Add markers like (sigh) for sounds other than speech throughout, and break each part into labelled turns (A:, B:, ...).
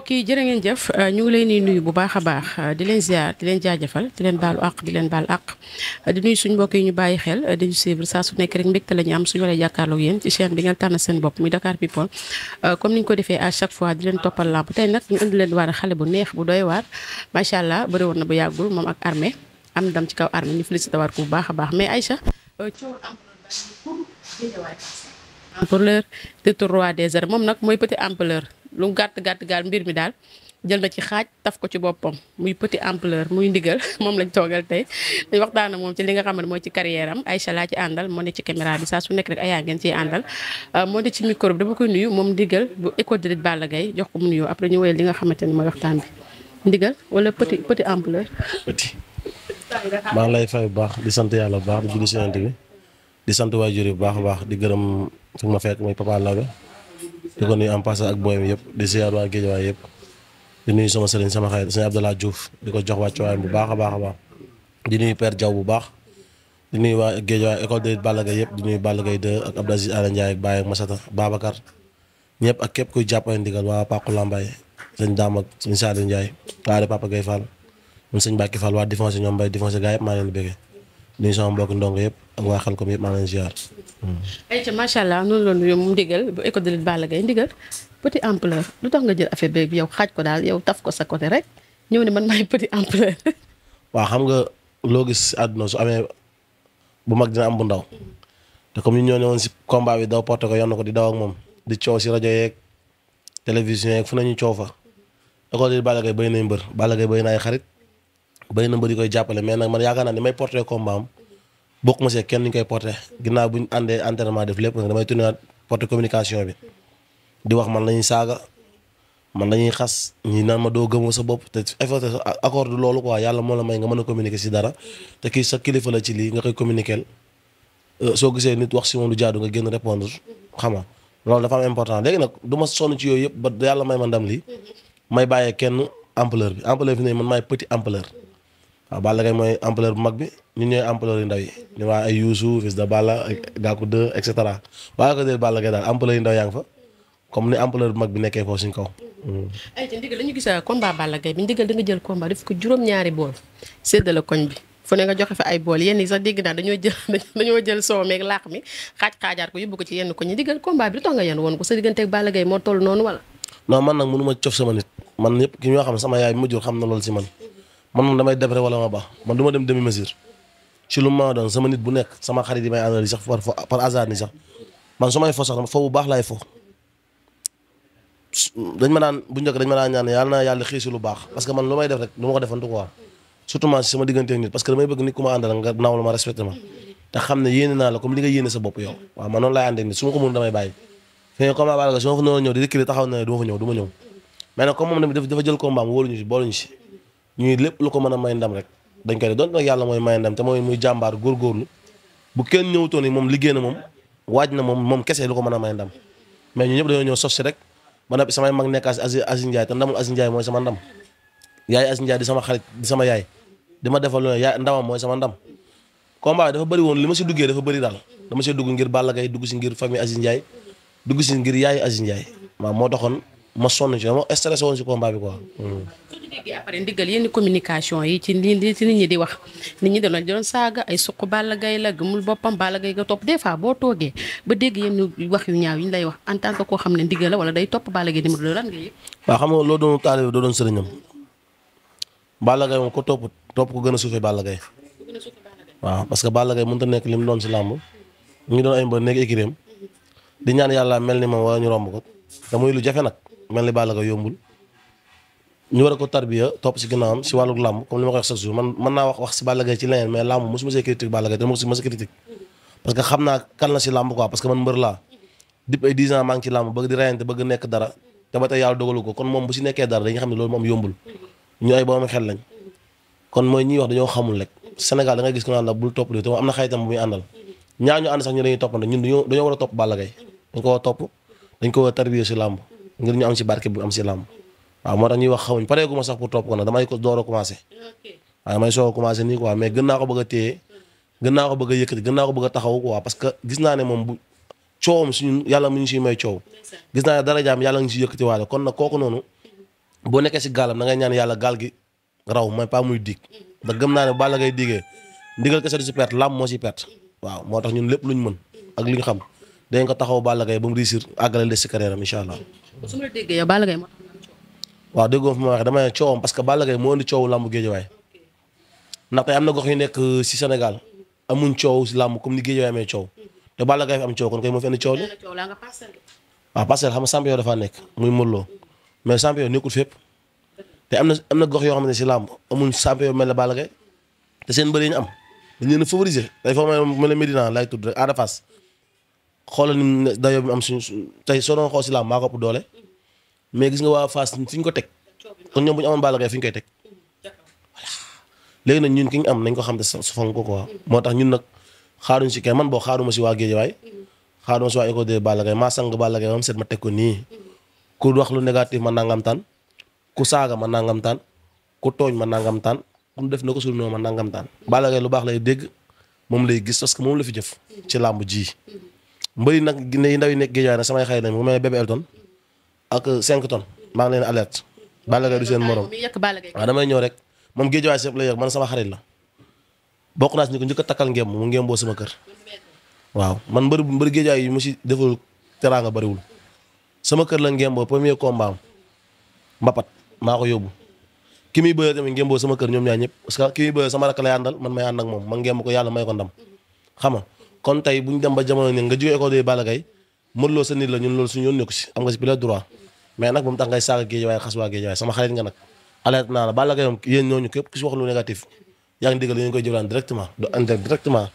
A: mbokk yi jërë ngeen jëf euh, ñu ngi leen di nuyu bu baax a baax euh, di leen ziar di leen jaajëfal di leen baalu àq di leen baal àq euh, di nuyu suñu mbokk yi ñu bàyyi xel di ñu suivre saa su nekk rek mbégte la ñu am suñu lay jàkkaarloog yéen ci chaîne bi ngeen tànn seen bopp muy Dakar People comme ni ñu ko defee à chaque fois di leen toppal làmb tey nag ñu indi leen waar xale bu neex bu doy waar macha allah bëri woon na bu yàggul moom ak armée am ndam ci kaw armée ñu félicité bu baax a baax mais Aïcha pour l'heure titre roi des arènes moom nag mooy petit ampleur lu gàtt gàtt gaal mbir mi daal jël na ci xaaj taf ko ci boppam muy petit ampleur muy ndigal (laughs) moom lañ toogal tey dañ waxtaan ak moom ci li nga xam ne mooy ci carrière am Aïcha laa ci àndal moo ne ci bi su nekk rek ayaa ngeen ciy euh, moo ne ci micro bi dama koy nuyu moom ndigal bu école de lutte Balla jox ko mu nuyoo après ñu woyal li nga xamante ne mooy waxtaan bi ndigal wala petit petit ampleur
B: maa ngi lay
C: fay bu baax di sant yàlla bu baax di julli si bi di sant waajur yi bu baax a baax di gërëm fi ma fekk mooy Papa Labe di ko nuyu en passant ak booy mi yëpp di ziar waa Géejawaay yëpp di nuyu sama sëriñ sama xarit sëriñ Abdallah Diouf di ko jox wàccuwaayam bu baax a baax baax di nuyu Père Diaw bu baax di nuyu waa Géejawaay école de Balla Gaye yëpp di nuyu Balla ngay 2 ak Abdou Aziz Ala Ndiaye ak Baye ak Masata Babacar ñëpp ak képp kuy jàppale ndigal waa Pàqu Lambaay sëñ Daam ak sëñ Sadio Ndiaye waa Papa Gueye Fall ñun sëñ Bàkki Fall waa défense ñoom bay défense gaa yëpp ma leen di bëggee nuyu yëpp waa xel ko yëpp maa ngi leen ziar.
A: Mm. allah noonu la nuyoo mu ndigal bu école de lutte ndigal petit ampleur lu tax nga jël affaire bi yow xaaj ko daal yow taf ko sa côté rek ñëw ne man maay petit ampleur.
C: (laughs) waaw xam nga loo gis àdduna su amee bu mag dina am bu ndaw te comme ñu ñoo ne woon si combat bi daw porté ko yal ko di daw moom di coow si rajo yeeg télévision yeeg fu nañu coow fa école de lutte Balla Gaye bëri na mbër Balla Gaye bëri na ay na mbër yi koy jàppale mais nag bokk ma see kenn ñu koy porté ginnaaw bu ñu àndee entraînement def lépp nag damay tourné waat porté communication bi di wax man la ñuy saaga man la ñuy xas ñi naan ma doo gëmoo sa bopp te effort accord loolu quoi yàlla moo la may nga mën a communiquer si dara te kii sa kilifa ci lii nga koy communiquer euh, soo gisee nit wax si moom lu jaadu nga génn répondre xam nga loolu dafa am important léegi nag du ma sonn ci yooyu yëpp ba yàlla may ma ndam lii mm-hmm. may bàyyee kenn ampleur bi ampleur bi ne man maay petit ampleur waaw Balla Gaye mooy ampleur bu mag bi ñun ñooy ampleur yu ndaw yi ñu waa ay Youssou Fils de Balla Gakou 2 et cetera waaye ko dee Balla Gaye daal ampleur yu ndaw yaa ngi fa comme ni ampleur bu mag bi nekkee foofu suñ kaw. Mm.
A: ay te ndigal dañu gis euh, combat Balla Gaye bi ndigal da nga jël combat def ko juróom-ñaari bool séddale koñ bi fu ne nga joxe fa ay bool yenn yi sax dégg naa dañoo jël (laughs) dañoo jël soow meeg laax mi xaaj xaajaat ko yóbbu ko ci yenn koñ yi ndigal combat bi lu tax nga yenn woon ko sa digganteeg Balla Gaye moo toll noonu wala.
C: non man nag mënu ma cof sama nit man ñëpp ki ñoo xam sama yaay bi ma jur xam na loolu si man man moom damay def rek wala ma baax man du ma dem demi mesure ci lu ma doon sama nit bu nekk sama xarit yi may àndal sax par par hasard sax man su may fo sax dama fo bu baax laay fo dañ ma daan bu njëkk dañ ma daan yàlla na yàlla lu baax parce que man lu may def rek lu ma ko defantu quoi ma si sama diggante ak nit parce que damay bëgg nit ku ma àndal la ne yéene naa la comme li nga yéene sa bopp yow waaw man noonu laay àndee nit su ma ko mën damay ñëw di rëkkale taxaw na du ma ñëw du ñëw mais nag comme moom dafa jël combat am wóoluñu si booluñu si ñuy lépp lu ko mën a may ndam rek dañ koy def doon nag yàlla mooy may ndam te mooy muy jàmbaar góorgóorlu bu kenn ñëwutoon ni moom liggéey na moom waaj na moom kese lu ko mën a may ndam mais ñëpp dañoo ñëw sos si rek ma ne mag nekk Aziz Aziz Ndiaye te ndamul Aziz Ndiaye mooy sama ndam yaay Aziz Ndiaye di sama xarit sama yaay di ma defal loolu yaay mooy sama ndam combat bi dafa bëri woon li ma si duggee dafa bëri daal dama see dugg ngir Balla Gaye dugg si ngir famille Aziz Ndiaye dugg si ngir yaay Aziz Ndiaye waaw moo doxoon ma sonn ci dama stressé woon si combat bi quoi. soo
A: déggee yenn communication yi ci li li ci nit ñi di wax nit ñi dañu doon saaga ay suq Balla Gaye la gëmul boppam Balla Gaye nga topp des fois boo toogee ba dégg yenn wax yu ñaaw yi ñu lay wax en tant que koo xam ne ndigal la wala day topp Balla Gaye numéro lan nga yëg.
C: waaw xam nga doo doon sëriñam Balla Gaye moom ko topp topp ko gën a suufee Balla Gaye. waaw parce que Balla Gaye mënut a nekk li mu doon si làmb ñu doon ay mbër nekk écurie mm-hmm. di ñaan yàlla mel ni moom wala ñu romb ko te muy lu jafe nag man li Balla Gaye yombul ñu war a ko tarbiya topp si ginnaawam si wàllug làmb comme li ma ko wax chaque jour man naa wax wax si Balla Gaye ci leneen mais làmb mosuma see critique Balla a critique parce que xam naa kan nekk dara te ba tey moom bu si nekkee dara dañuy xam ne loolu moom yombul ñu ay borom xel lañ kon mooy ñuy wax dañoo xamul rek Sénégal da ngay gis ko naan la bul topp lii te am na xayitam bu muy àndal ñaa ñu ànd sax ñu dañuy toppante ñun dañoo dañoo war a topp Balla Gaye dañ ko war a topp ko war a ngir ñu am si barke bu am si làmb waaw moo tax ñuy wax xawuñ pareegu ma sax pour topp ko nag damay ko door commencé waaw damay a commencé nii ko bëgg a téye naa ko bëgg a yëkkati gën naa ko bëgg taxaw quoi parce que gis naa ne moom bu coowam suñu yàlla mu ñu siy may coow gis naa ne dara jaam yàlla ngi si yëkkati waale kon nag kooku noonu boo nekkee si gaalam na ngay ñaan yàlla gaal gi raw mooy pas muy dig da gëm naa ne bala ngay digee ndigal kese du si moo si perte waaw moo tax ñun lépp luñ mën ak li ñu xam dañ ko taxaw bala Gaye ba mu réussir àggale des si carrière am allah.
A: su ma la déggee yow moo
C: waaw déggoo coowam parce que Balla Gaye moo indi coowu làmb Géejawaay ndax am na gox yu nekk si euh, Sénégal amuñ coow si làmb comme ni Géejawaay amee coow te Balla Gaye fi am moo fi indi coow li. waaw na am na gox yoo xam ne si làmb amuñ champion mel ne Balla Gaye te seen bëri yi am dañ leen a favoriser day foog ma ne laay tudd rek Ada xoolal ni dayoo bi am suñu tey soo doon xool si làmb maa ko ëpp doole mais gis nga waa Fass fi ñu ko teg kon ñoom bu ñu amoon Balla fi ñu koy teg léegi nag ñun ki ñu am nañ ko xam te su fonk ko quoi moo tax ñun nag xaaruñ si kenn man boo xaaruma si waa Guédiawaye xaaruma si waa école de Balla maa sang Balla Gaye moom seet ma teg ko nii ku wax lu négatif ma nangam ku saaga ma nangam ku tooñ ma nangam ku def na ko suul ma nangam taan lu baax lay dégg moom lay gis parce moom la fi jëf ci làmb ji mbëri nag ne ndaw yi nekk géejawaay nag samay xarit nañ mu mel ne bébé Elton ak 5 tonnes maa ngi leen alerte. Balla Gaye du seen morom
A: waaw
C: damay ñëw rek moom géejawaay si yëpp la yëg man sama xarit la bokk naa ko njëkk takkal ngéem mu ngéem boo sama kër. waaw man mbër mbër géejawaay yi mu si deful teraanga bariwul sama kër la ngéem boo premier combat am mbapat maa ko yóbbu. ki muy bëre tamit ngémboo sama kër ñoom ñaar ñëpp parce que ki muy bëre sama rakk lay àndal man may ànd ak moom man ngémb ko yàlla may ko ndam xam nga kon tey bu ñu dem ba jamono ne nga jógee école de Balla Gaye mënuloo sa nit la ñun loolu suñu yoon nekku si am nga si plein droit mais nag bu mu tax ngay saaga géej waaye xas waa géej waaye sama xarit nga nag alerte naa la Balla Gaye moom ñu koy jëflaan directement do indirect ba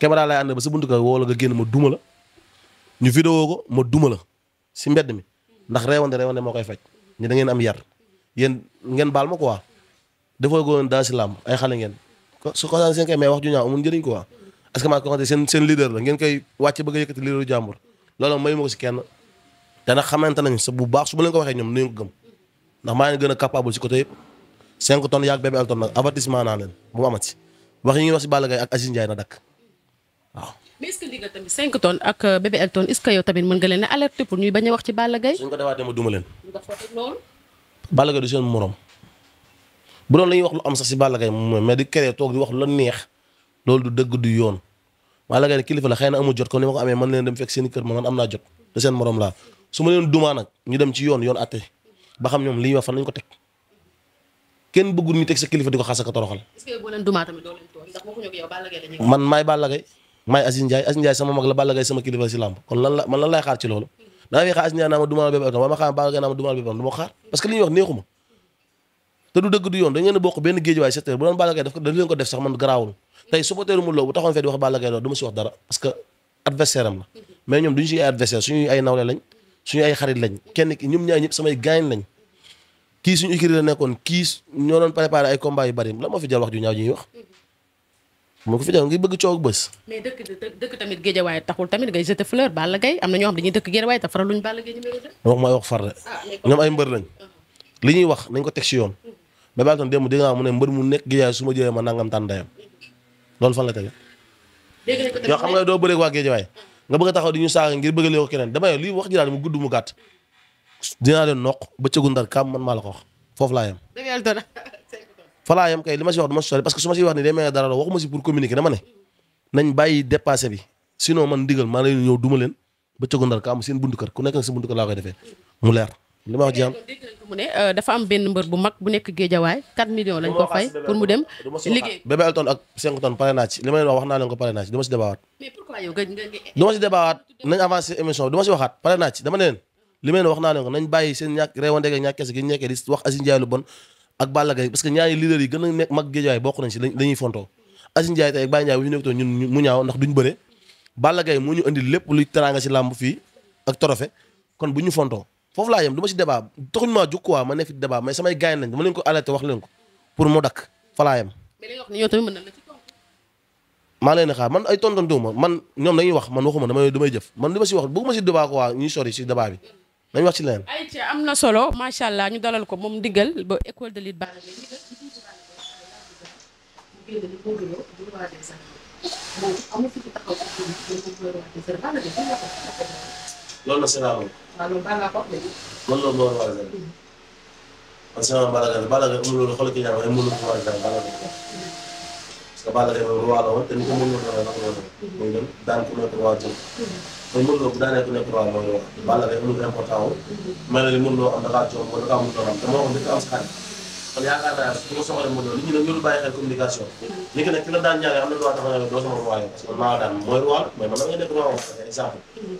C: sa buntu ka woo la nga génn ma duma la ñu vidéo ko ma duma si mbedd mi ndax reewande reewande moo koy faj ñu da ngeen am yar yéen ngeen baal ma quoi dafay góoon daal si làmb ay xale ngeen su ko saan seen kay mais wax ju ñaaw amul njëriñ quoi parce que maa ko xamante seen seen leader la ngeen koy wàcce bëgg a yëkkati leaderu jàmbur loolu may ma ko si kenn te nag xamante nañu bu baax su ma leen ko waxee ñoom nañu ko gëm ndax maa leen gën a capable si côté yëpp 5 tonnes yaag bébé Elton nag avertissement naa leen bu mu amati wax yi ñuy wax si Balla Gaye ak Aziz Ndiaye na dakk
A: waaw. mais est ak euh, bébé Elton est-ce que yow tamit mën nga leen a alerter pour ñuy bañ a wax ci Balla Gaye.
C: suñ ko defaatee ma duma leen. nga foofu loolu. Balla Gaye du seen morom bu doon la wax lu am sax si Balla Gaye moom mais di créer toog di wax la neex loolu du dëgg du yoon Balla Gaye kilifa la na amul jot ko amee man leen dem fekk seen kër ma man ma leen dumaa nag ñu yoon yoon atte ba xam ñoom li ñu wax ko teg kenn bëggul ñu teg sa kilifa di ko xaas ak toroxal.
A: est-ce que boo la man
C: maay Balla Gaye maay Aziz Ndiaye Aziz Ndiaye sama mag la Balla Gaye sama kilifa si làmb kon lan man lan xaar ci loolu. da ngay xaar Aziz naa ma dumaal bébé ak xaar parce que li ñuy neexuma te du dëgg du yoon da ngeen a bokk benn géej waaye secteur bu doon Balla Gaye def ko da leen ko Balla Gaye loolu du lañ kenn ki ñoom ñaar ñëpp samay gaañ lañ kii suñu écurie la nekkoon kii ñoo doon préparé ay combat yu bari la moo fi jar wax fi jar ngi bëgg coow ak bës
A: mais dëkk dëkk tamit géejawaay taxul tamit ngay jeter fleur Balla Gaye am na ñoo xam dañuy dëkk géejawaay te faral luñ Balla Gaye numéro deux
C: wax ah, uh-huh. li ñuy wax nañ ko teg si yoon uh-huh. Bébé Elton démb dégg naa mu ne mbër mu nekk géejaay su ma jëlee ma nangam tànn dayam loolu fan la tege. yow xam nga doo bëreeg waa géejawaay nga bëgg a taxaw di ñu saaga ngir bëgg leen ko keneen dama yow lii wax ji daal gudd mu gàtt dinaa leen noq bëccëgu ndar kam man maa la ko wax foofu laa yem. fa laa yem kay li ma si wax du si sori parce que su ma si wax ni day mel dara la waxuma si pour communiquer dama ne nañ bàyyi dépassé bi sinon man ndigal maa lay ñëw duma leen bëccëgu ndar kam seen buntu ku nekk nag sa buntu kër laa koy defee mu leer li ma wax
A: eh, euh, am benn mbër bu mag bu nekk géejawaay 4 millions lañ ko wax
C: naa leen ko pare naa ci du eh, nañ naa ci dama ne leen li ma leen wax naa leen ko nañ bàyyi seen ñàkk réewandeg ñàkk kese gi ñekkee di wax Aziz Ndiaye lu bon ak Balla Gaye parce que ñaari leaders yi gën a nekk mag géejawaay bokk nañ si dañuy fontoo Aziz Ndiaye tey ak Baye Ndiaye bu ñu nekkutoon ñun mu ñaaw ndax duñ bëre Balla Gaye moo ñu indi lépp luy teraanga si làmb fii ak trophée kon bu ñu fontoo foofu laa yem du ma si débat taxuñ maa jóg quoi ma ne fi débat mais samay gaañ lañ ma leen ko alerté wax leen ko pour mu dakk fa laa yem. mais li nga na la maa leen di xaar man ay tonton duma man ñoom dañuy wax man waxuma damay damay jëf man li ma si wax bëgguma si débat quoi ñuy sori si débat bi nañ wax ci leen
A: ayca am na solo. macha allah ñu dalal ko moom ndigal ba école de lutte Balla
C: loolu la Sénégal moom.
A: waaw loolu baax naa ko de.
C: man loolu moo war a war a gën. man sama Balla Gaye Balla Gaye amul loolu xoolal ki ñaar waaye mënul ko war a gën Balla Gaye. parce que Balla Gaye moom roi la woon te ni ko mën nga doon rek loolu. muy dem daan ku nekk roi jëm. mooy mën nga bu daanee ku nekk roi mooy roi. Balla Gaye amul important wu. Mm-hmm. mel na ni mën loo am da ngaa jox ko da ngaa mën doon am te moo xam dafa am sa xarit. kon yaakaar naa su ma soxla ma doon nit ñi nag ñoo bàyyi xel communication. nit ki nag ki la daan ñaaree am na droit ne doo sama roi parce que maa daan mooy roi mooy mm-hmm. doo sama roi. Mm-hmm.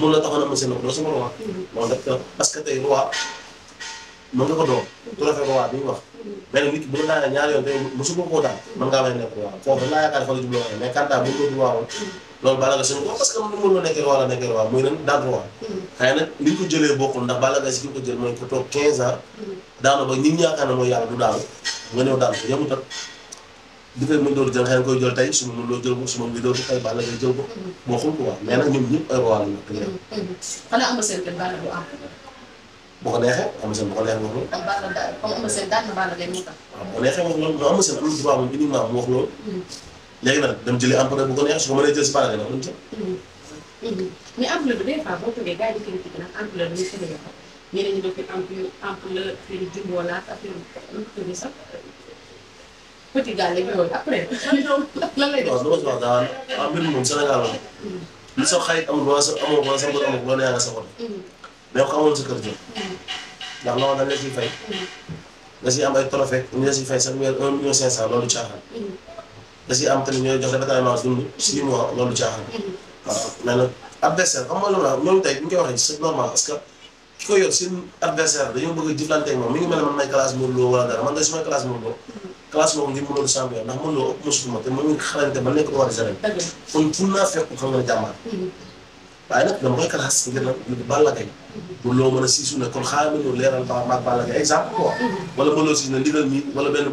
C: mun la taxoon doo sama roi.
B: Mm-hmm. loolu
C: nag parce tey roi mën nga ko doon. trophée roi bi ñu wax. mais nag nit ki bu la daanee ñaari yoon tey mosu ko koo daan. mën ngaa bañ a nekk roi foofu laa yaakaar dafa la jubloo mais Kanta bu ñu ko jubloo woon loolu Balla parce que mën na nekkee wala nekkee waaw muy nan daan ko wax. xëy na li ko jëlee bokkul ndax si du daanu nga ñëw daan ko yemut ak bi su ma loo jël su ma mën doon xëy Balla Gaye jël ko.
A: am na seen benn Balla ko
C: neexee am seen bu ko neexee wax loolu.
A: am am seen am
C: na seen am na droit mu wax loolu hmm. léegi nag dem jëli empereur bu ko neex su ko mënee jël si pareeg nag dem
B: jël.
A: mais ampleur bi des fois boo toogee gars yi ñu critique nag ampleur bi ñu Sénégal ñeneen ñi doon fi ampleur ampleur fi ñu jumboo naat affaire bi bi sax petit gars lañ yooyu après (laughs) lan lay def. waaw
C: dama ci wax daal ah mbir mi moom Sénégal la. li sa xarit amul wala sa amul wala sa mbër amul wala yaa nga sa xol. mais ko amoon sa kër jël. ndax loolu dañ la ciy fay. Mm. nga ciy am ay trophée ñu la ciy fay sax weer un million cinq cent loolu caaxaan. Mm. da ciy am tamit ñooy jox département dund si li mu wax loolu caaxaan. Mm-hmm. waaw mais nag adversaire xam nga lu ma ñoom tey bu ñu koy waxee c'est normal parce que moom mi ngi mel ne man may classe Modou Lo wala dara man de su may classe Modou Lo mm-hmm. classe moom ngir mënoon champion ndax Modou Lo ëpp mosu ma te moom it xalante ba nekk roi des arènes. kon pour naa fekk xam nga jàmbaar. Mm-hmm. waaye nag dama koy classe ngir nag ñu Balla Gaye bu loo mën a siisu ne kon xaaral ma ñëw leeral ba maag Balla Gaye exemple quoi wala ba loo ne ndigal mi wala benn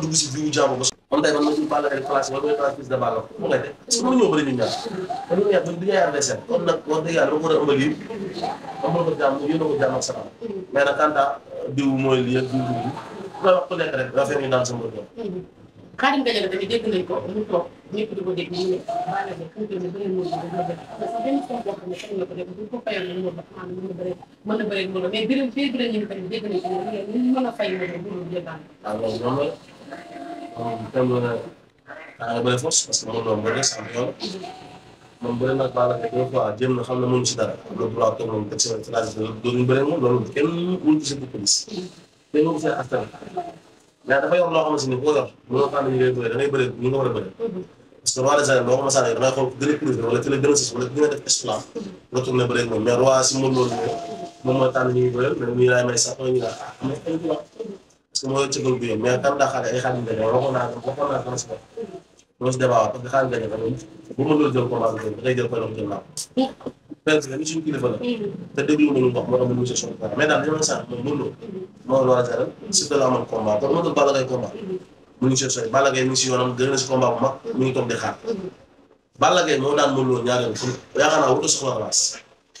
C: dugg si biiru jàmm ba man tey Balla Gaye classé wala mën ñoo bëri ñu kon ñu a ëmbal yi mais nag kanta diw mooy lii ak diw ku koy wax ku lekk rek rafet ñu naan sama doom.
A: xaaral nga jël tamit dégg nañ ko mu toog ñëpp di ko dégg ñu ne baal na ko fi mu toll nii ba ngeen mën ko def parce que benn son boo xam ne teg na ko def bu ko fayoon nañ moom dafa mën a bëri mën a bëri mën a mais biir biir biir ñu ne tamit dégg nañ ko ñu ñu mën a fay mën a mën a jëlaat.
C: alors noonu la moom teewlu na daanaka bëri fos parce que moom doom bëri sant yoon. moom bëri na baal na deux fois jéem na xam ne mënu si dara. am na droit toog moom teg si wàllu si laaj bi loolu bëri moom loolu kenn mënu ko si dañoo ko seen askan mais dafa yor loo xamante ni boo yor mënoo ko ànd ñu ngay bëree da ngay bëree ñu nga war a bëree mhm. parce que roi des arènes boo ko mos a yor da ngay xool gën a prouvé wala gën a gën a sës wala gën a def exploit nga tourné bëree moom mais roi si mën loolu moom mooy tànn ñu ngi bëreel mais ñu laay may sax ñu la am ay parce que moo yor cëgal bu yem mais kan daa xale ay xaalis waxoon naa waxoon naa doo si débat parce que xaalis dañu ko doon bu mënul jël combat bi da ngay jël koy doon jël naa ko. parce que ni suñu kilifa la. te déglu ma lu mu wax moo tax mu monsieur Sonko mais daal li ma sànq mooy mënuloo. moo war a jaral surtout la amoon combat kon mënul Balla Gaye combat. mu ngi si sooy Balla Gaye naa wutu a soxla raas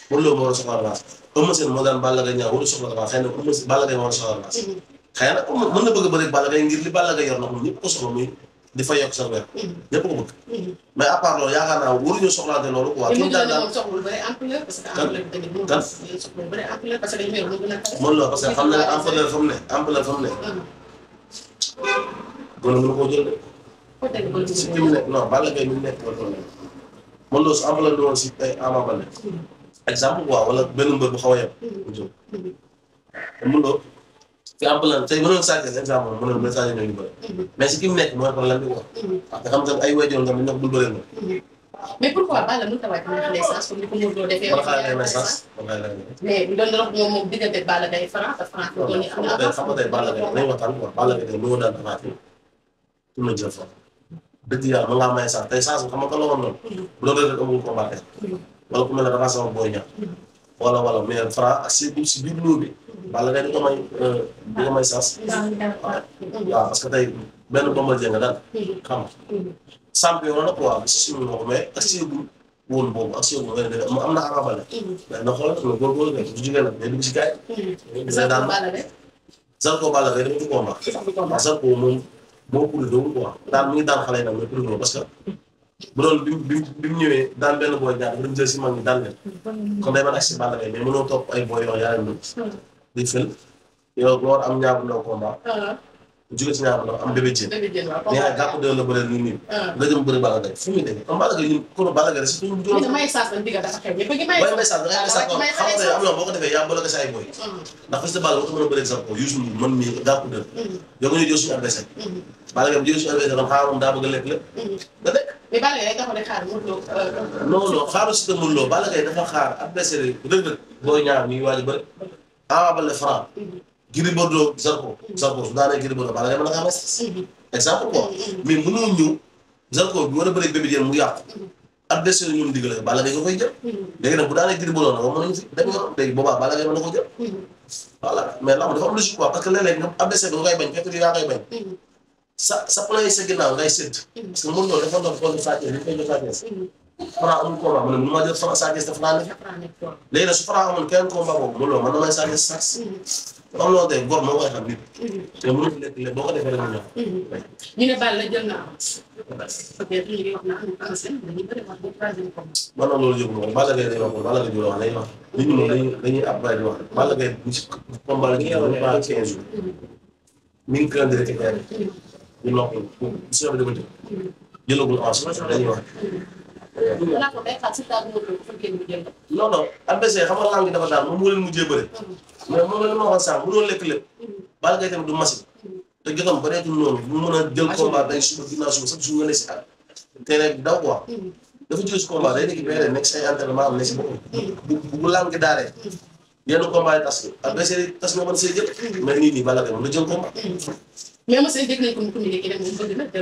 C: Eumeu Sène moo war a soxla raas. xëy na mën na bëgg a bëri Balla ngir li Balla yor na ko ñëpp ko soxla muy di fa yokk sa weer. ñëpp ko bëgg. mais à part loolu yaakaar naa waruñu soxlaante loolu quoi. kii daal daal
A: te mu ne parce que ampleur parce que xam na ne ampleur
C: fa mu ne ampleur fa mu ne. gën a mën koo jël de. si fi mu nekk non Balla Gaye mi mu nekk loolu problème mën loolu su ampleur bi woon si ay eh, Ama Baldé hmm. exemple quoi wala benn mbër bu xaw a yem. mu jóg te fi am problème tey mënoon Sa Thiès exemple mënoon ba Sa Thiès ñoo ñu bëri mais si ki mu nekk mooy problème bi quoi mhm. parce que xam nga ay wajur nga ñu bu bëri na
A: mais pourquoi Balla mënut a wàcc mën a naissance comme ni ko Modou Lo defee. mën a xaar naissance mën a xaar naissance. mais bu doon doon moom moom diggante Balla Gaye Franc te Franc. loolu xam nga tey xam nga
C: tey Balla Gaye nañu waxtaan quoi Balla Gaye tey mu ngi daan avancé pour nga jël fa. dëgg yàlla mën ngaa may sax tey chance bi xam nga ko la woon noonu. bu doon doon amul combattre. wala mhm. ku mel ne dafa sama booy ñaar. Mhm. wala wala mais Fra si si biir bureau bi. bala nga di nga may euh, di nga may sens.
B: waaw parce
C: que tey benn Bombardier nga daal. xam nga champion la quoi bi si suñu wax mais assiette bu woon boobu assiette bu nga def am na arabale. mais na xoolal nga góorgóorlu nga du jigéen la mais dugg si gars
A: yi. dina daan
C: Zarko Balla Gaye dafa ci combat. waaw Zarko moom moo kuréel doomu quoi daan mi ngi daan xale yi nag mais kuréel parce que. bu doon bi bi bi mu ñëwee daan benn booy ñaar ba mu si mag ñi daan leen kon day mën ak si Balla Gaye mais mënoo ay booy yoo xam ne yaa leen di fël yow nga am ñaar bu ndaw combat. Ah. jóge ci ñaar ba am bébé jën. bébé jën waaw comme waaw gàpp doon na bëre nii nii. Ah. nga jëm bëre Balla Gaye fu muy nekk comme Balla Gaye ñun kon Balla Gaye si suñu juróom.
A: may saas dañ digga dafa xew ñëpp a ngi may. may saas da ngay may saas xam nga am
C: na boo ko defee yaa bloqué sa ay boy. Mm. ndax fës de Balla boo ko mën a bëre exemple Youssou Ndour man mii gàpp doon. Mm. yow nga ñu jël suñu adversaire. Mm. Balla Gaye jël suñu adversaire dam xaarum daa bëgg a lekk la.
A: nga lekk. mais Balla Gaye dafa xaar mënuloo. Euh, non
C: non xaaru si te mënuloo Balla Gaye dafa xaar adversaire yi rëg rëg booy ñaar ñuy waaj bëre Ama Baldé Franc Gris Bordeaux Zarko. Zarko su daanee Gris Bordeaux Balla Gaye mën na ko am
B: sens. exemple quoi
C: mais mënoo ñëw Zarko bi war a mu yàqu. adversaire ñoom digal Balla Gaye nga koy jël. léegi nag bu daanee Gris Bordeaux nag ko koy bañ fekk du yaa koy bañ. sa sa plan yi sa ginnaaw ngay sédd. parce Fara amul ne mën su Fara amoon kenn combat boobu mënuloo mën na may saa xam nga tey góor moo koy xam nit. te mënul lekk lekk boo ko defee rek ñu ñor.
A: ñu ne Balla jël na avance. parce que ñu ngi wax na amul avance dañuy bëri wax ba troisième combat.
C: man nag loolu yëgul moom Balla Gaye day wax Balla Gaye wax day wax nit ñi moom dañuy dañuy après di wax Balla Gaye bu ci combat la ñu yoroon pas 15 jours. mi ngi calendrier ci ñu noppi bu si yore dama jël. dinaa
A: ko day xaar si taal bi ko fa génn mu jënd.
C: non non adversaire xam nga langue dafa daan moom moo leen mujjee bëri. mais moom la li ma waxoon sànq bu doon lekk lépp. Balla Gaye tamit du machine. te jotoon bëreetul noonu mu mën a jël combat day suba ginnaaw suba chaque jour nga ne si at. te rek daw quoi. dafa jël si combat day nekk benn nekk si ay entraînement am ne si boppam. Mm. bu bu langue daaree. Mm. yenn combat yi tas ko adversaire yi see jël. Mm. mais nii nii Balla Gaye moom la jël combat.
A: mais monsieur dégg na jël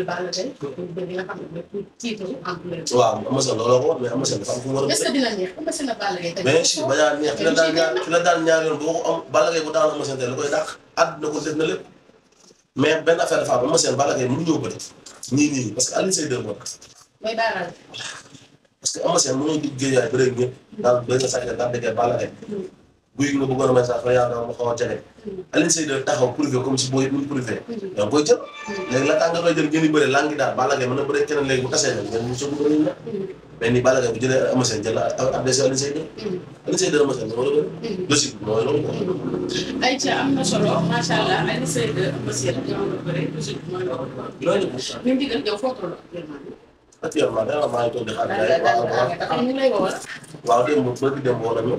A: Balla Gaye bëgg nga xam ne pour titre a. est-ce que neex Amacem
C: la daan ñaar yoon boo ko am bu daan Amacem tey la koy dàq at na ko def benn affaire dafa am Amacem nii parce que Alioune Seye deux moo tax. mooy Balla Gaye. yaay bëreeg ñëpp. daal bëri na daal dëggee Balla Gaye buy la bëggoon a may saafara yàlla na mu xaw a jafe Alioune Seye taxaw prouvé comme si booy mu prouvé. da nga koy jël. léegi la tax nga koy jël ngeen di bëre laa ngi daal Balla Gaye mën na bëre keneen léegi bu tasee nag ngeen mu soog a bëri ñu mais ni Balla Gaye bu jëlee Eumeu Sène jël adressé Alioune Seye Alioune Seye Eumeu Sène wala bëri. dossier bi mooy loolu.
A: Aïcha am na solo macha allah
C: Alioune Seye Eumeu Sène ñoo ngi bëri dossier bi mooy loolu. loolu la.
A: même diggante yow foo toll actuellement.
C: actuellement dara maa ngi toog di xaar gars yi waaw waaw waaw démb bëgg démb war a ñëw.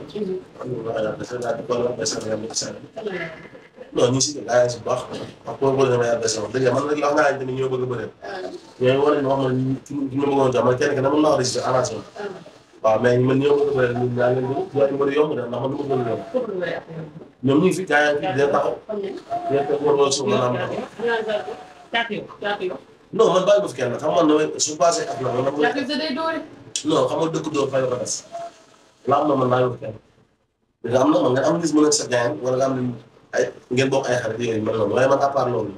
C: dafa daal di ko war a bés a yàlla si non ñu si gars yi si bu baax wax ko bëgg dama yàlla bés a wax dëgg man nag wax naa leen tamit ñoo bëgg a bëri. Ah. ñooy war a ñu wax ma ñu ma bëggoon jox man kenn ki dama la wax rek arrangé ah. waaw mais man ñoo bëgg a bëri ñun ñaa leen ñu ñu bëri yomb de ndax man du ma bëgg
B: yomb.
C: ñoom ñu ngi fi gars yi di leen taxaw.
B: di leen
A: taxaw war
C: non man bàyyi ma fi kenn xam man damay su passé ak la man. yaa
A: ngi day doole.
C: na man bàyyi ma fi kenn. mais am na man nga am gis mën a sa wala nga am ngeen bokk ay xarit yooyu man noonu man à part loolu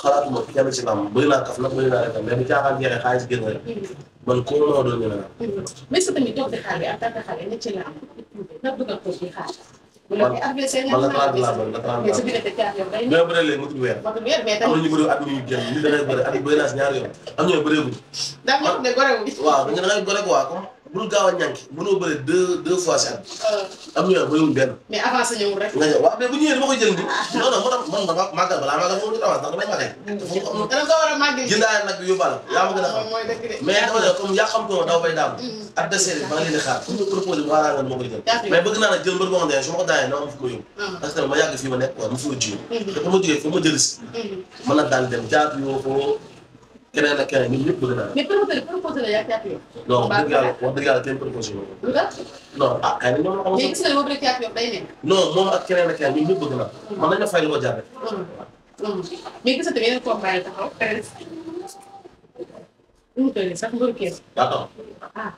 C: xalaatuma kenn ci laam bëri naa kaf nag bëri naa rekk mais bu caaxaan jeexee xaalis génn man a doon ñu ne la.
A: mais di xaar bi en tant que xale na ci laam nag dugal ko ci xaar.
C: bu la bëree matul weer.
A: matul weer mais tamit am na ñu bëri
C: at mi ñu génn ñu da ngay bëri at yi bëri naa si ñaari yoon. am na ñoo bëreegul. daa ngi ne gore wu. waaw da nga da ngay gore quoi comme bul gaaw a ñànk mënoo bëre deux deux fois si at euh. am ñu bëriwul benn.
A: mais avancé ñëwul rek. nga ñëw waaw
C: mais bu ñëwee dama koy jëndi. non non moo tax man ma màggal balaa màggal foofu ñu avance ndax damay màggal. dana ko war a màggal jëndaale nag bi yóbbaale yaa ma gën a xam.
A: Ah, mais dama ne
C: comme yaa xam ko daw bay daam. Mm-hmm. ak desee maa ngi leen di xaar pour ñu proposé mu waaraangal moo koy jël. mais bëgg naa nag jël mbër boo xam ne su ma ko daanee na am fu ma yóbbu. Ah. parce que ma yàgg fii ma nekk waaw mm-hmm. ma fu ma jiyee. te fu ma jiyee fu ma jëlis.
A: Mm-hmm. mën na
C: daan dem jaar yoo ko keneen ak keneen ñun ñëpp bëgg naa. mais
A: proposé proposé la yaa caatu yoon. non wax dëgg yàlla
C: wax dëgg yàlla kenn proposé wu ma. non ah kay ñoom xam nga. mais gis
A: nga boobu rek caatu yoon day nekk.
C: non moom ak keneen ak keneen ñun ñëpp bëgg naa. Mm. man nañu la fay lu ko jar rek.
A: mais gis nga tamit yeneen combat yi taxaw prince. nu mu tëjee sax mbiru kii la. waaw ah.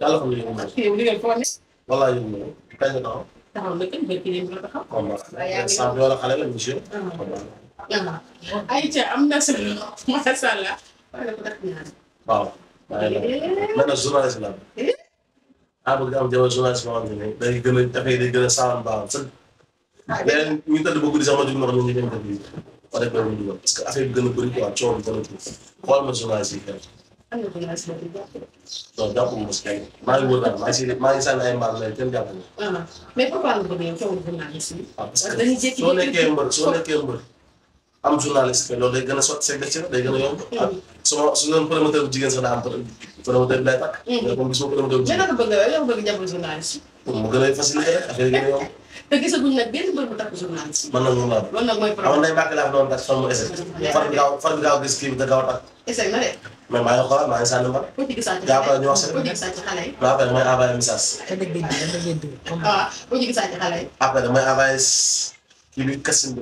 C: yàlla xam nga yow moom. kii yow li ngeen ko wane. voilà yow moom kañ la taxaw.
A: taxaw na kenn bëgg kii la ñu doon taxaw.
C: waaw waaw waaye yaa ngi
A: ay ca am na solo macha allah.
C: waaw. man nag journaliste la ah bëgg am jabar journaliste boo xam ne day gën a dafay day gën a saalam baaxam sax. leneen ñu tëdd bëgg di sax ma jug na ko ñoom ñu dem dëgg yi. ma def loolu ñu parce que affaire bi gën a bëri quoi coow bi gën a tuuf xool ma journaliste yi kenn. non jàppul ma si kenn maa ngi wër daal maa ngi si maa ngi sànni ay mbaal lay kenn jàppul.
A: Ah, mais pourquoi nga bëgg yow coow journaliste yi. Ah, parce que soo nekkee mbër soo
C: nekkee mbër am journaliste kay loolu day gën a sotti seen bëccëg day gën a yomb. Hmm. su ma su doon promoteur bu jigéen sax daa am promoteur bi lay takk. Hmm. mais gis nga promoteur bu jigéen. mais mu gën a facilité a yomb. (laughs) (laughs) far gaaw gis kii bi da gaaw a takk. ese na (laughs) ah, bi kasim bi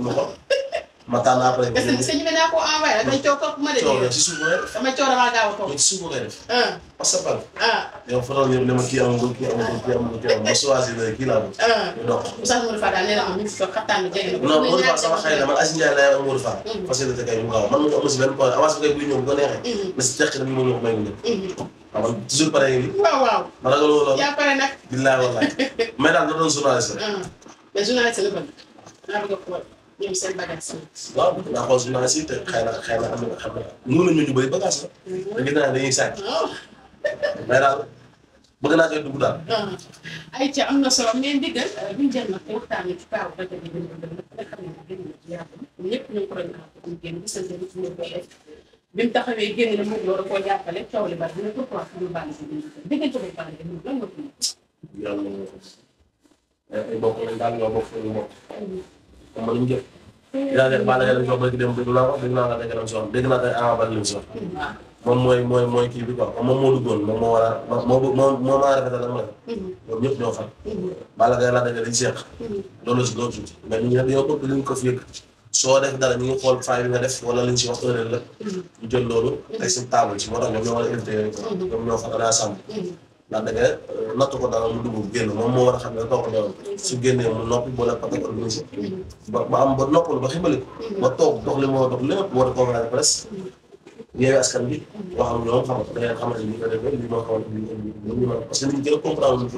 C: ma tànn après. est-ce que sëñ
A: bi naa ko envoyé damay coow topp ma de. coow ci
C: suuf ngay def damay coow damaa gaaw a topp. mais ci suuf ngay def.
A: Ah. parce que bal. Ah.
C: yow fa doon yëpp ne ma kii amagul kii amagul kii amagul kii amagul ma choisir la kii laa bëgg.
A: Ah. ñu dox. Moussa Mourou Fall daal nee na am ñu ngi soog xattaan bi jege na. non Mourou Fall sama xarit la man
C: Aziz Ndiaye laay am Mourou Fall. parce que dafay kay mu gaaw man mu am si benn point avance bi kay buy ñëw bu ko neexee. Mm-hmm. mais si teq dama mën a may mu ñëw. waaw mm-hmm. man toujours pare yi. waaw waaw ma ragaloo loolu. yaa pare nag. billaay wallaay (laughs) mais daal na doon journaliste.
A: mais journaliste la bëgg naa bëgg a xool. ñoom seen bagage yi.
C: waaw ndax xool suñu naan si te xëy na xëy na am na xam na mënoon nañu ñu bëri bagage la. te mhm. gis naa ne dañuy sàcc. mais daal bëgg naa cee dugg daal.
A: Ah, ay ca am na solo mais ndigal euh, ñu jël nag waxtaanee ci kaaw rajo bi ñu nga xam ne génn na ci yàlla ñëpp ñu ngi ko doon naan ñu génn gis nañ ko ñu koy def bi mu taxawee génn na mu loolu koo jàppale coow li bari dina ko wax ñu bàyyi si biir diggante bi bàyyi si biir lan nga ko
B: yàlla
C: ay eh, bokk lañ daal ñoo bokk ñu bokk moom ba ñu la dégg naa soxla dégg naa tey ah mooy mooy kii bi quoi moom moo duggoon moom moo a moo moo moo maa rafetal ak ma ne. ñoom ñëpp ñoo far. baal nga laa dégg dañ seq. loolu la si doon tuuti mais ñu ne dañoo bëgg ko fi soo def dara ñu ngi xool faay bi nga def si wax heure la. ñu loolu. teg si table si moo tax ñoom ñoo war a invité ñoom ñoo fa gën a sàmm. laa dégg natt ko dara mu dugg génn moom moo war a xam ne toog doon su génnee mu noppi bu la pàcc organisé ba ba am ba noppalu ba xibali ko ba toog dox li moo dox lépp war a conférence de presse xam nga da ngeen xamante a comprendre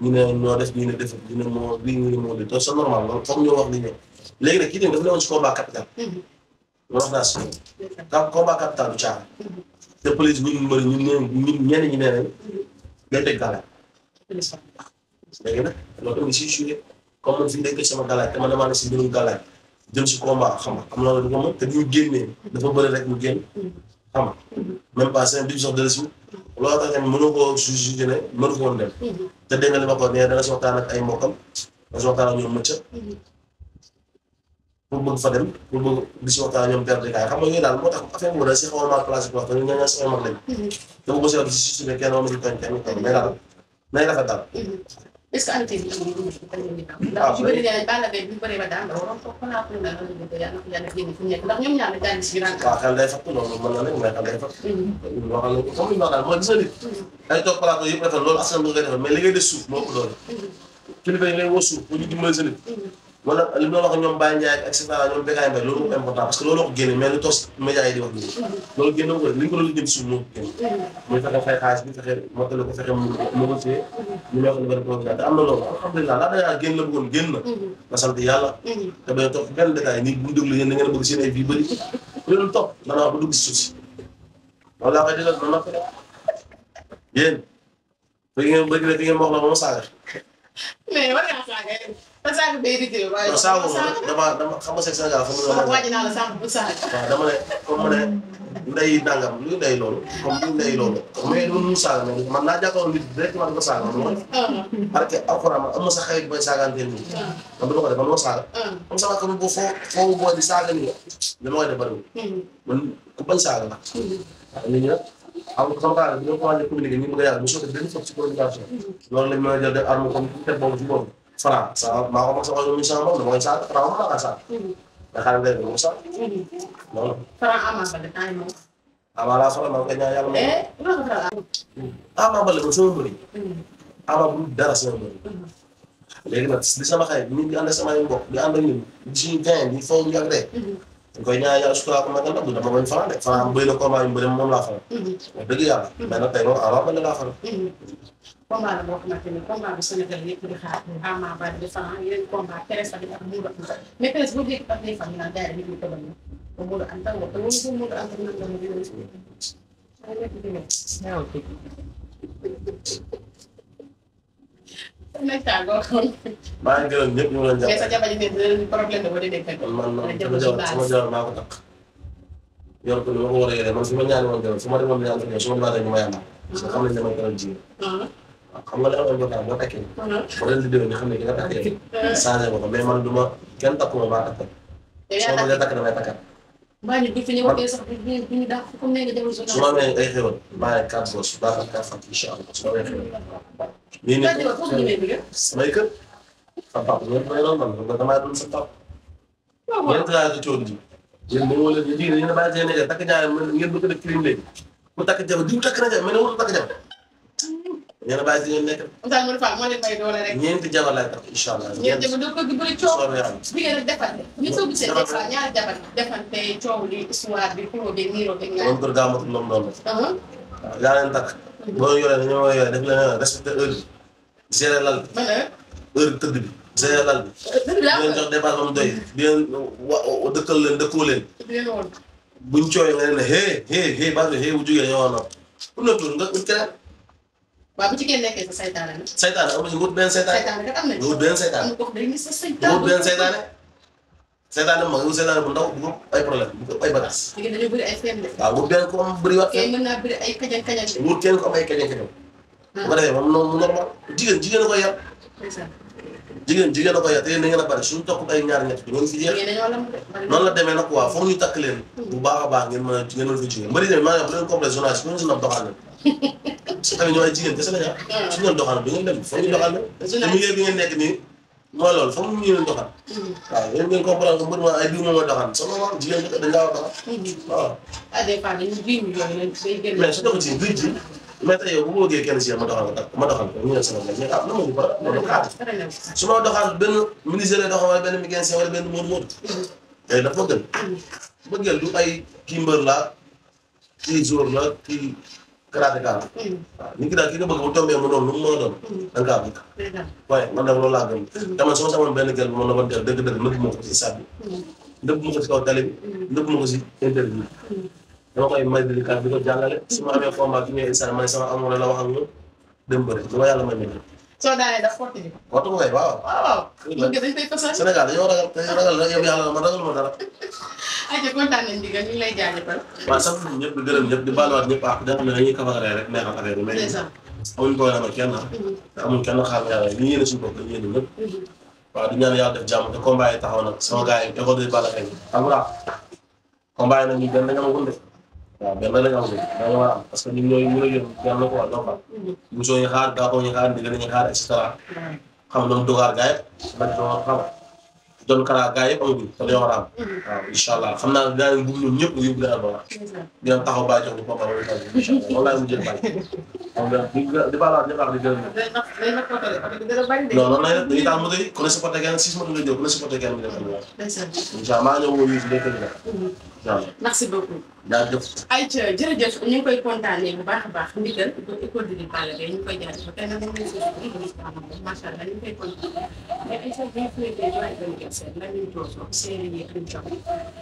C: ne ñoo def ñu ne def ñu ne moo lii ñu di te c'est normal loolu foog ñu wax li ñu léegi nag kii dem dafa newoon si combat capital mm-hmm. wax naa si combat capital du caaxaan te police bu ñu mbëri ñun ñenn ñi nee ngay teg galaay léegi nag loolu aussi joué comme man fi sama galaay te man damaa ne si mbirum galaay jëm si combat xam nga am na loolu du ko te ñu génnee dafa bëri rek mu génn xam nga même pas seen division de resmi loolu tax tamit mënu koo jugé ne mënu ko woon dem te dégg nga li ko nee dana si waxtaan ak ay mbokkam dana si waxtaan ak mëcca pour mën fa dem pour mën di si waxtaan ñoom perte kaay xam nga yooyu daal moo tax affaire boobu daal si xaw ma place bi wax ñoo ñoo si mag lañ. te mhm. bu ko seetlu si suñu kenn wala si tooñ tamit mais daal nay rafet daal.
A: Mhm. est-ce que arrêté bi amul lu ndax ci
C: ah, bëri nee
A: nañ bi bu bëree ba daan la waroon ko ko laa ko la yàlla génn fu nekk ndax ñoom ñaar lañ daan si biir waaw ah,
C: xel day fakk loolu mën na nekk mais xel day fakk. loo xam ne comme li ñu wax daal mooy gis nga nit. Mhm. ay toog plateau yëpp defal loolu askan bi nga defal mais li ngay def suuf moo ko doole. kilifa yi ngay woo suuf pour ñu dimbali sa nit man nag li ma wax ak ñoom Baye Ndiaye ak Sida ñoom Bécaye Mbaye loolu moo important parce que loolu ko génne mais lu tos médias yi di wax nii loolu génne ko li ñu ko doon jëm suuf moo ko génne muy fexe fay xaalis bi fexe mottali ko fexe négocier ñu wax ne bari programme te am na loolu alhamdulilah laa dañaa génn la bëggoon génn na nga sant yàlla te bañ a topp benn détail nii bu déglu yéen da ngeen a bëgg seen ay vie bëri loolu topp dana wax ba dugg si suuf si loolu laa koy digal man naa ko def yéen fi ngeen bëgg ne fi ngeen wax la moom saaga (laughs)
A: mais war ngaa saaga sànq day riggéey waaye. sànq
C: dama dama xam nga Sénégal xam nga. waaw wàññi
A: naa la sànq bu sànq. waaw dama
C: ne comme ma ne ndey dàngam lu ndey loolu. comme lu ndey loolu. mais nu mu saaga nag man naa jàkkaarloo nit directement di ko saaga ah. man mooy. parce que alxuraan am na sa xarit booy saaganteel nii. Ah. man du ma ko def man du ma saaga. Ah. comme sama kër bu foo foo boo di saaga nii li ma koy def bariwul. Hmm. man ku bañ saaga la. Hmm. waaw nit ñi nag am sama kaa bi ñu commencé communiquer ñu bëgg a yàlla mu sotti benn foofu ci communication. Hmm. loolu lañ mën a jël def arme comme teg boobu ci boobu Sarap. Sarap. Baka magsakay yung isang sa atin. na ka sa atin. Nakalang tayo. sa atin. No?
A: Parang ama sa mga
C: kanyayang mo. Eh, wala ka Ama pala. Gusto mo Ama mo. Daras na mo rin. Lagi na. Di sama kayo. Hindi ka na sama yung bok. Di ang rin yun. Di siya yung kain. Di ñu koy ñaan yàlla suturaat ko ma gën a du dama bañ Franc de Franc bëri na combat yu bëri moom laa faral. Mhm. wax dëgg yàlla. mais nag tey moom Ama Baldé laa faral.
A: Mhm. combat la boo xamante ni combat bu Sénégal yëpp di xaar Ama Baldé Franc yeneen combat presse ak ak Modou Anta mais presse boo dégg daf lay fan naan gars yi ñu ngi ko doon ba Modou Anta wax te loolu boo Modou Anta nan la ma gën a. maa
C: ngi gërëm ñëpp ñu ngi leen jàpp. mais sa
A: jabar ji problème la boo dee dégg man man sama
C: jabar maa ko takk yor ko ni ma ko war a yoree man su ma ñaani woon jabar su ma demoon ñaan ko su ma baatee ñu ma yàlla.
B: parce que xam nañ ne man keroog jigéen. Ah.
C: waaw xam nga li am na boo takkee.
B: Ah. boo leen
C: di déwén nga xam ne ki nga takkee. Ah. changé ko mais man du ma kenn takku ma baa takk. soo ma lee takk damay takkat.
A: maa ngi fi ñu waxee sax ñu ñu dàq a nee nga demul sa. su ma amee
C: ay xéwal maa ngi quatre bos a na quatre fan su ma amee xéwal. lii nii daal foofu ñu may bëgg. samay kër. sa papa ñoom ñooy doon man man damaa doon sa
B: papa.
C: di coono ji. yéen ñu wala ñu jigéen ñi ne bàyyi seen i takk ñaar a def crime léegi. mu takk jabar diw takk na nee na bàyyi si ñoom nekk.
A: Oustaz Modou Fall moo leen may doole rek.
C: ñeenti jabar laay tax incha allah. ñeenti jabar
A: doo ko bëri coow. soo bëri am bi ngeen a defante. ñu soo gisee des fois ñaari jabar defante coow li histoire bi xuloo bi niiroo bi. moom kër
C: gaa matul moom noonu la.
A: Ah ah. waaw
C: yaa leen takk. boo yoree dañoo war a yore daf leen respecté heure bi. gérer lal bi. heure tëdd bi. gérer lal bi.
B: dëgg laa leen jox
C: départ ba mu doy. di leen wa dëkkal leen dëkkoo leen. di leen woon. buñ cooyee nga ne ne hey hey hey baax na hey bu jógee dañoo war a nopp. pour nga tuur nga ut keneen
A: waa bu jigéen nekkee sa saytaane la.
C: saytaane am na wut benn saytaane. bu ndaw bu ko ay problème bu ko de. waaw wut benn ku am bëri wax. kay mën naa bëri ay ah. jigéen jigéen a koy yar. jigéen jigéen a koy yar te yéen ngeen a bari suñu tokkut ay ñaar ñett bi ñu takk leen. Hmm. bu baax (laughs) su xamee ñoo ay jigéen kese la ñu ah. Mm. suñu doon doxal bi ngeen dem foog ñu doxal la. te milieu bi ngeen nekk nii mooy loolu foog ñu leen doxal. Mm. waaw yéen ngeen comprendre que mbir ma ay diw moom la doxal sama maam jigéen ñi dañ laa war a doxal.
A: Mm. waaw. ah des fois dañuy biir ñu yooyu lañ day génn. mais su doxul ci biir
C: ji mais tey yow bu ma bëggee kenn si yow ma doxal ko ma doxal ko ñu ne sama mbéy mi ah nama ñu ko ma doxal. su ma doxal benn ministre lay doxal wala benn mécanicien wala benn mën-mën. tey dafa gën. bëggeel du ay kii mbër la kii jour la kii garaate kaa waaw nit ki daal ki nga bëgg bu tombee mu doon lu mu mën a doon da nga kaa bëgg waaye man de loolu laa gëm dama soo samoon benn gel bu ma nobanteel dëgg dëgg nëbb ma ko si sàbbi nëbb ma ko si kaw tali bi nëbb ma ko si interview dama koy may dédicace di ko jàngale su ma amee combat bi ñëwee instant may sama amoon la wax ak ñoom dem bëre dama yàlla may ñëw
A: soo daanee daf continue.
C: waxtu waaw
A: waaw. Sénégal dañoo ragal dañoo ragal
C: yow yàlla ragal ma dara.
A: ayca kontaan nañu digal ñu lay jaajëfal. waaw sant
C: nañu ñëpp di gërëm ñëpp di baaluwaat ñëpp ah di nga xam ne dañuy kafaree rek neexal affaire di ñaan yàlla def jàmm te combat yi taxaw nag sama gars yi école de Balla Gaye. xam nga combat ñu gën dañoo mën a waaw benn lañ am de danga war a am parce que ñun ñooy mën a yóbbu benn ko wàllu mbaa. émission yi xaar gàllankoor yi xaar ndigal yi xaar et cetera. xam nga ñoom dogaar gaa yi nag ñoo xam doon karaa gaa yëpp amaguñ te dañoo war a am. waaw incha allah xam naa dinaa leen bëgg ñoom ñëpp yóbbu leen albawa. dina taxaw bàyyi jox ko kooku amal incha allah moom laa mujjee bàyyi. moom daal di di baalaat ñëpp ak di gërëm ñoom.
A: non non non dañuy
C: taal moto yi ku ne supporté kenn six moto nga jël ku ne supporté kenn bi def. incha allah maa ñëw wóor yi fi nekk nii la. merci beaucoup jaajëf.
A: ayca jërëjëf ñu ngi koy kontaanee bu baax a baax ndigal ba école de Balla Gaye ñu ngi koy jaajëfal tey nag ñu ngi koy jaajëfal macha allah ñu ngi koy kontaan mais ayca bi ñu koy joxe anniversaire lan lañu toog séeréer yi ak ñu jox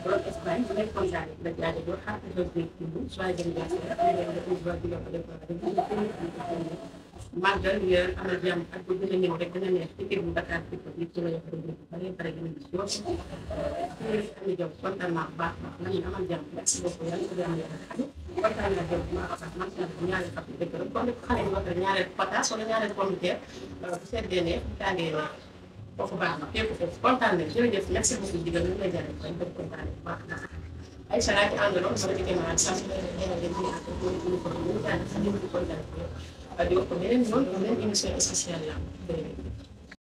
A: loolu Espagne bu nekk kontaanee la jaajëfal xaaral ko béy kii bu soit jëm jaajëfal ak ñu ngi leen màggal ñu amal jàmm ak bu gën a ñëw rek dina neex ci kër bu Dakar ci ko ci la yokk bu bare bare gën a gis yoon ci ami jaw kontaan naa baax baax la ñu amal jàmm ak bokk yàlla ko jàmm yàlla xam kontaan naa jaw ma sax man ci ko ñaari fatu dëgg la kon ko xale wax rek ñaareel pataas wala ñaareel pomme de terre bu seddee ne tàngee ne foofu baax na fépp foofu kontaan na jërëjëf merci beaucoup digal ñu lay jàllale bañ bëgg kontaan baax na ay salaati àndaloon sama diggante ak sama diggante ak ñu ko ñu ko ñu ko di wax ko beneen yoon beneen émission spéciale la